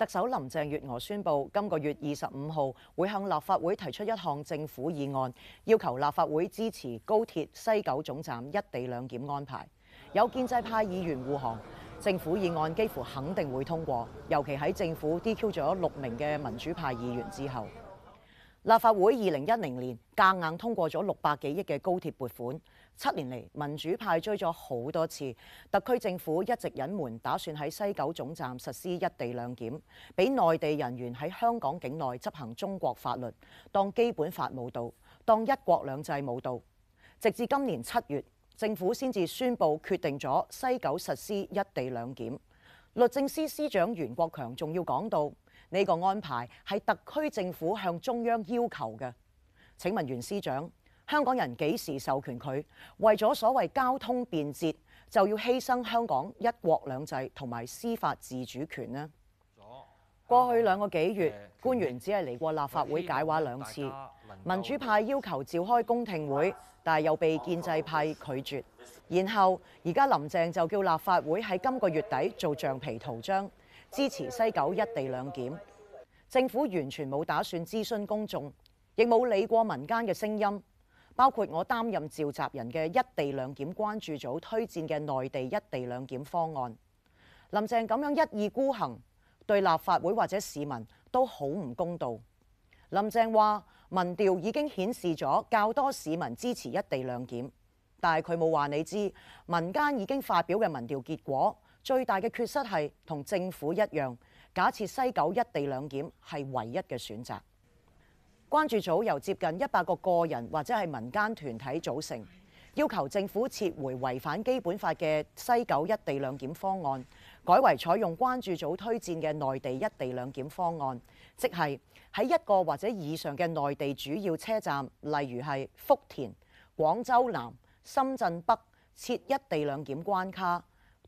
特首林鄭月娥宣布，今個月二十五號會向立法會提出一項政府議案，要求立法會支持高鐵西九總站一地兩檢安排。有建制派議員護航，政府議案幾乎肯定會通過，尤其喺政府 DQ 咗六名嘅民主派議員之後。立法會二零一零年夾硬通過咗六百幾億嘅高鐵撥款，七年嚟，民主派追咗好多次，特區政府一直隱瞞打算喺西九總站實施一地兩檢，俾內地人員喺香港境內執行中國法律，當基本法冇到，當一國兩制冇到，直至今年七月，政府先至宣布決定咗西九實施一地兩檢。律政司司長袁國強仲要講到：呢、這個安排係特區政府向中央要求嘅。請問袁司長，香港人幾時授權佢為咗所謂交通便捷就要犧牲香港一國兩制同埋司法自主權呢？過去兩個幾月，呃、官員只係嚟過立法會解話兩次。民主派要求召開公聽會，Yes. 但係又被建制派拒絕。Yes. 然後而家林鄭就叫立法會喺今個月底做橡皮圖章。支持西九一地兩檢，政府完全冇打算諮詢公眾，亦冇理過民間嘅聲音，包括我擔任召集人嘅一地兩檢關注組推薦嘅內地一地兩檢方案。林鄭咁樣一意孤行，對立法會或者市民都好唔公道。林鄭話民調已經顯示咗較多市民支持一地兩檢，但係佢冇話你知民間已經發表嘅民調結果。最大嘅缺失係同政府一樣，假設西九一地兩檢係唯一嘅選擇。關注組由接近一百個個人或者係民間團體組成，要求政府撤回違反基本法嘅西九一地兩檢方案，改為採用關注組推薦嘅內地一地兩檢方案，即係喺一個或者以上嘅內地主要車站，例如係福田、廣州南、深圳北設一地兩檢關卡。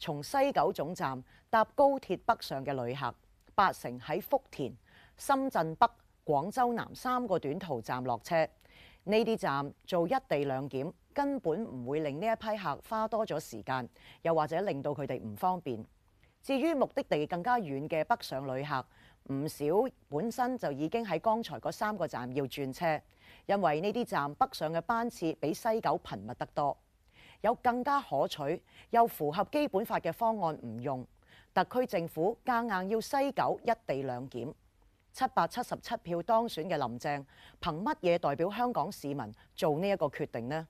從西九總站搭高鐵北上嘅旅客，八成喺福田、深圳北、廣州南三個短途站落車。呢啲站做一地兩檢，根本唔會令呢一批客花多咗時間，又或者令到佢哋唔方便。至於目的地更加遠嘅北上旅客，唔少本身就已經喺剛才嗰三個站要轉車，因為呢啲站北上嘅班次比西九頻密得多。有更加可取又符合基本法嘅方案唔用，特區政府硬要西九一地兩檢，七百七十七票當選嘅林鄭，憑乜嘢代表香港市民做呢一個決定呢？